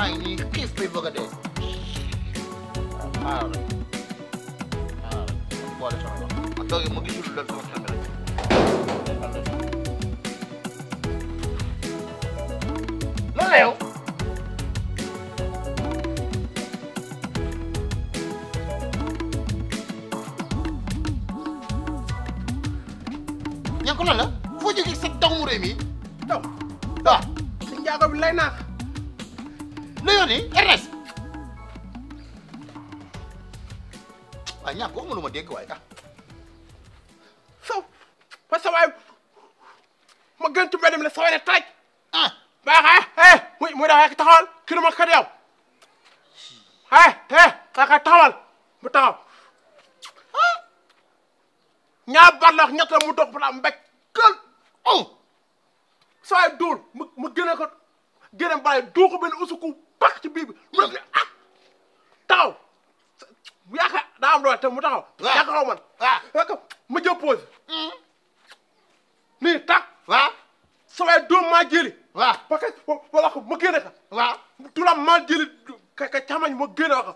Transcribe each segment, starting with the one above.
Nah, ini kifli bagade haal haal boole sama wax ak dogi mu gisul dal sama sama la la yow ñan ko lan la foo jógee sa daw mu réew la yónnee Ernest waaye ñàkk waxuma lu ma dégg waaye ah saw fa sawaay ma gën ci mbedd la saway ne taaj ah baaxee eh muy muy dafa taxawal kii nu ma kër yow eh eh kaka taxawal mu taxaw ah ñaar baat la wax ñett la mu toog balaa mbéj kër oh sawaay duul mu mu gën a ko gën a bàyyi duuxu benn usuku pakk ci biir bi mu ne ah taxaw yaakaar daa am mu taxaw. waaw yaakaaroo man. waaw ma jël pause. Hmm. nii tàkk. waaw sa waay doom maa jëli. waaw parce que wala ko ma génne ka. maa jëli ka ka camañ ma génne ka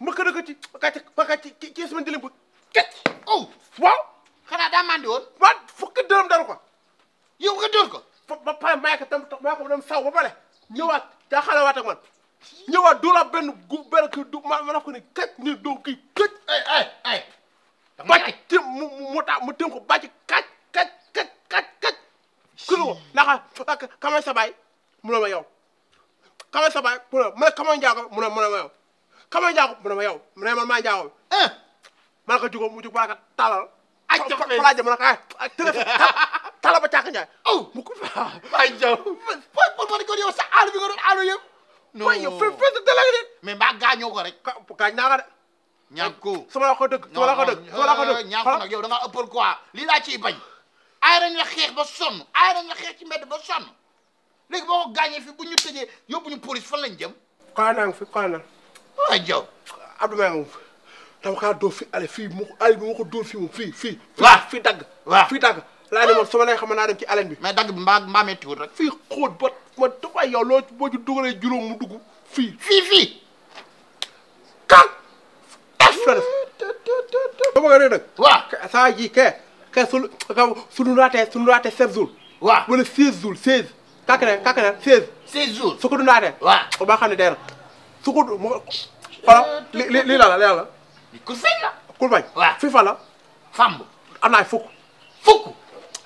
ma ci ka ci ka ci bu kecc. oh waaw. xanaa daa mandi woon. waaw fukki dërëm dara ko. yow nga dóor ko. ba pare maa tam maa ko dem saw ba daa xale waat ak man ñëwaat du benn gu benn kii ma ma ne ko ni këj doo kii këj. ay mu mu taa mu tim ko bàcc kaj ko ndax kamay sa baay mu ne ma yow. kamay sa baay ma yow. ma yow ma njaago. Eh. ma ne ko jugoo mu jug ba ka taalal. ay jafe ma ne ko ah, ay Talla ba Caka Ndiaye. Oh, mu ko faa. waaye Ndiaye. fooy fooy fooy ko yow sa àll bi nga doon àll yëpp. non mooy yow fii fii nga def. mais mbaa gaañoo ko rek. ka naa la de. ñàkk ko su ko dëgg su ma la ko dëgg. su ma ko dëgg eh, ñàkk ko nag yow da ngaa ëppal quoi lii laa ciy bañ. aay nañ la xeex ba sonn aay nañ la xeex ci mbedd ba sonn léegi boo ko gaañee fi bu ñu tëjee yóbbu ñu police fan lañ jëm. xanaa naa fi xanaa naa. waaw Diaw. Abdoulaye moom dama kaa dóor fi mu ale bi ma ko dagg. waaw fii dagg. laa demoon sama lay xam naa dem ci alen bi mais dagg bi mbaa mbaa méttiwul rek fii xóot ba ma dafay yow loo boo ci dugalee juróom mu dugg fii fii fii kan def la def so bëgg rek nag waaw saa ji ke ke su suñu raatee suñu raatee sept jours waaw wala seize jours seize kàkk ne kàkk ne seize seize jours su ko dundaatee waaw ba xam ne dee na su ko mo xoolal li lii laa la lii la la kurbañ la kurbañ waaw fii fan la fàmb am naa fukk fukk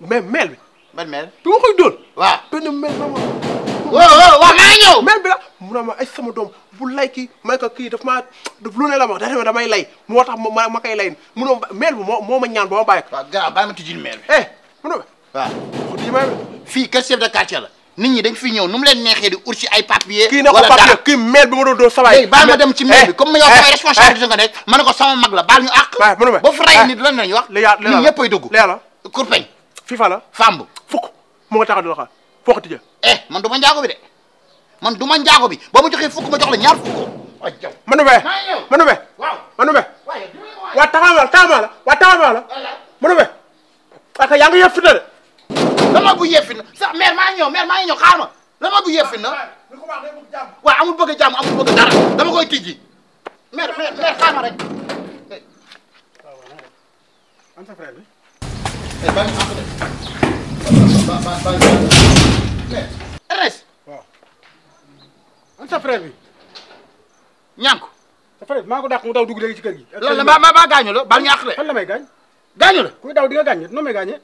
mais mel bi. ban mel bi ma koy dóor. waaw benn mel ma ma. waaw waaw maa ñëw. mel bi la mu ne ma ay sama doom bu lay kii may ko kii daf maa daf lu ne ma wax moo tax ma ma koy lay mu ne mel bi moo moo ma ñaan ba ma bàyyi ko. waaw eh, fii kër chef de quartier la. nit dañ fi ñëw nu mu neexee di ur ay papier. kii na kii mail bi ma ma dem ci mail bi eh, comme yow eh, samay responsabilité nga nekk. ma ne ko sama mag la baal ñu àq. waaw mënu ma ba fu rey nit lan la ñu wax. li yàlla li ñun fii fa la famb fukk mu nga taxaw di waxal foo tija eh man du ma njaago bi de man du ma njaago bi boo ma joxee fukk ma jox la ñaar fukk a jaw manube manube manube waa taxawal taxawal waa taxawal manube aka yaa ngi yëf fi bu yëf fi na sax mère maa ngi ñëw mère maa ngi ñëw ma dama bu yëf fi na waaw amul bëgg jàmm amul bëgg dara dama koy tijji mère mère mère ma rek tey baa ngi àq de. baa baa baa maa ko dàq mu daw dugg léegi ci kër gi. loolu la maa maa gaañu la ñu àq de. fan gaañ. gaañu la daw di nga gaañee noo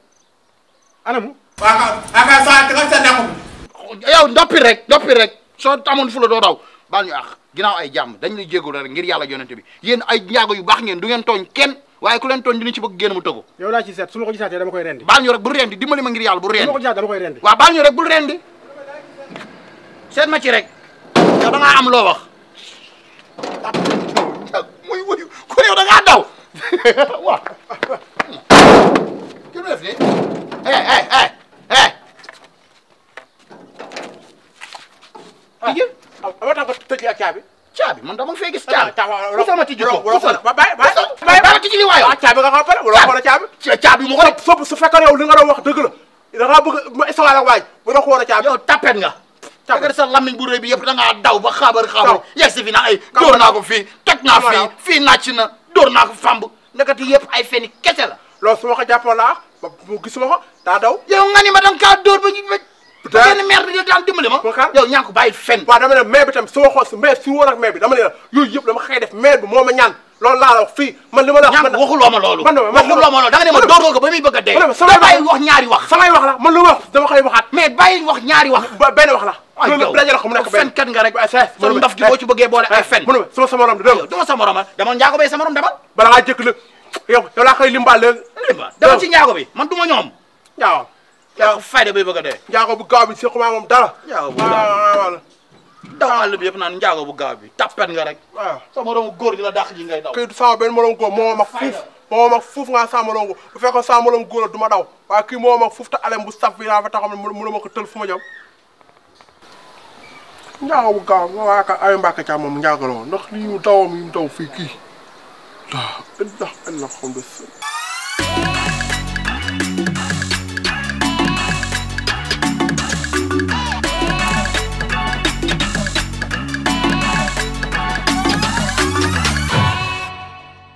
anamu. yow ndoppi rek ndoppi rek soo amoon fu doo daw baal ñu àq ginnaaw ay jàmm dañ lay jégalu rek ngir yàlla yonente bi yéen ay njaago yu baax du ngeen tooñ kenn. waye ku len ton dina ci bëgg gën mu tëgu yow la ci sét su ko ci saté dama koy rendi baal ñu rek bu rendi dimbali ma ngir yalla bu rendi su dama koy rendi wa baal ñu rek bu rendi sét ma ci rek yow da nga am lo wax muy wuyu ko yow da nga daw wa ki def ni eh eh eh eh caabi ci ci li waay yow. Ah, caabi nga xam pare wala xool caabi. caabi mu ko sopp nga la da ngaa bëgg ma istawaale waaj tapet sa lamiñ bu rëy bi yëpp da daw ba xaabar xaabar. yegg si fi na ay dóor naa ko fii toj naa fii fii daw. yow nga ni ma da kaa dóor ba ñu ba. benn maire di ma yow ñaa ma xool def maire bi moo ma loolu laa la wax fii man ma la wax. ñàkk waxuloo ma loolu. man de ma waxuloo ma loolu da nga ne ma dooroo ko ba muy bëgg a dee. da bàyyi wax ñaari wax. samay wax la man lu ma wax dama koy waxaat. mais bàyyi wax ñaari wax. benn la. ay yow fenkat nga sa ndaf gi boo fen. mu ne ma sama sama morom de dama sama morom ah. dama njaago bay sama morom dama. bala ngaa jëkk la yow yow laa koy limbaal bi man du ma ñoom. njaago. njaago fayda bay bëgg a dee. njaago bu gaaw bi si xumaa moom dara. daw àll bi yëpp njaago bu gaaw bi tapet nga rek. waaw sa moromu góor di la dàq ji ngay daw. kii sama benn moromu góor moo mag fuuf moo mag fuuf nga sama moromu góor la du daw waaye kii moo mag fuuf te alem bu saf bi naa fa taxaw ne mënuma ko tël fu ma njaago bu gaaw bi waaye kat ay mbàkk ca moom njaago la ndax lii mu dawam yi mu daw fii kii waaw.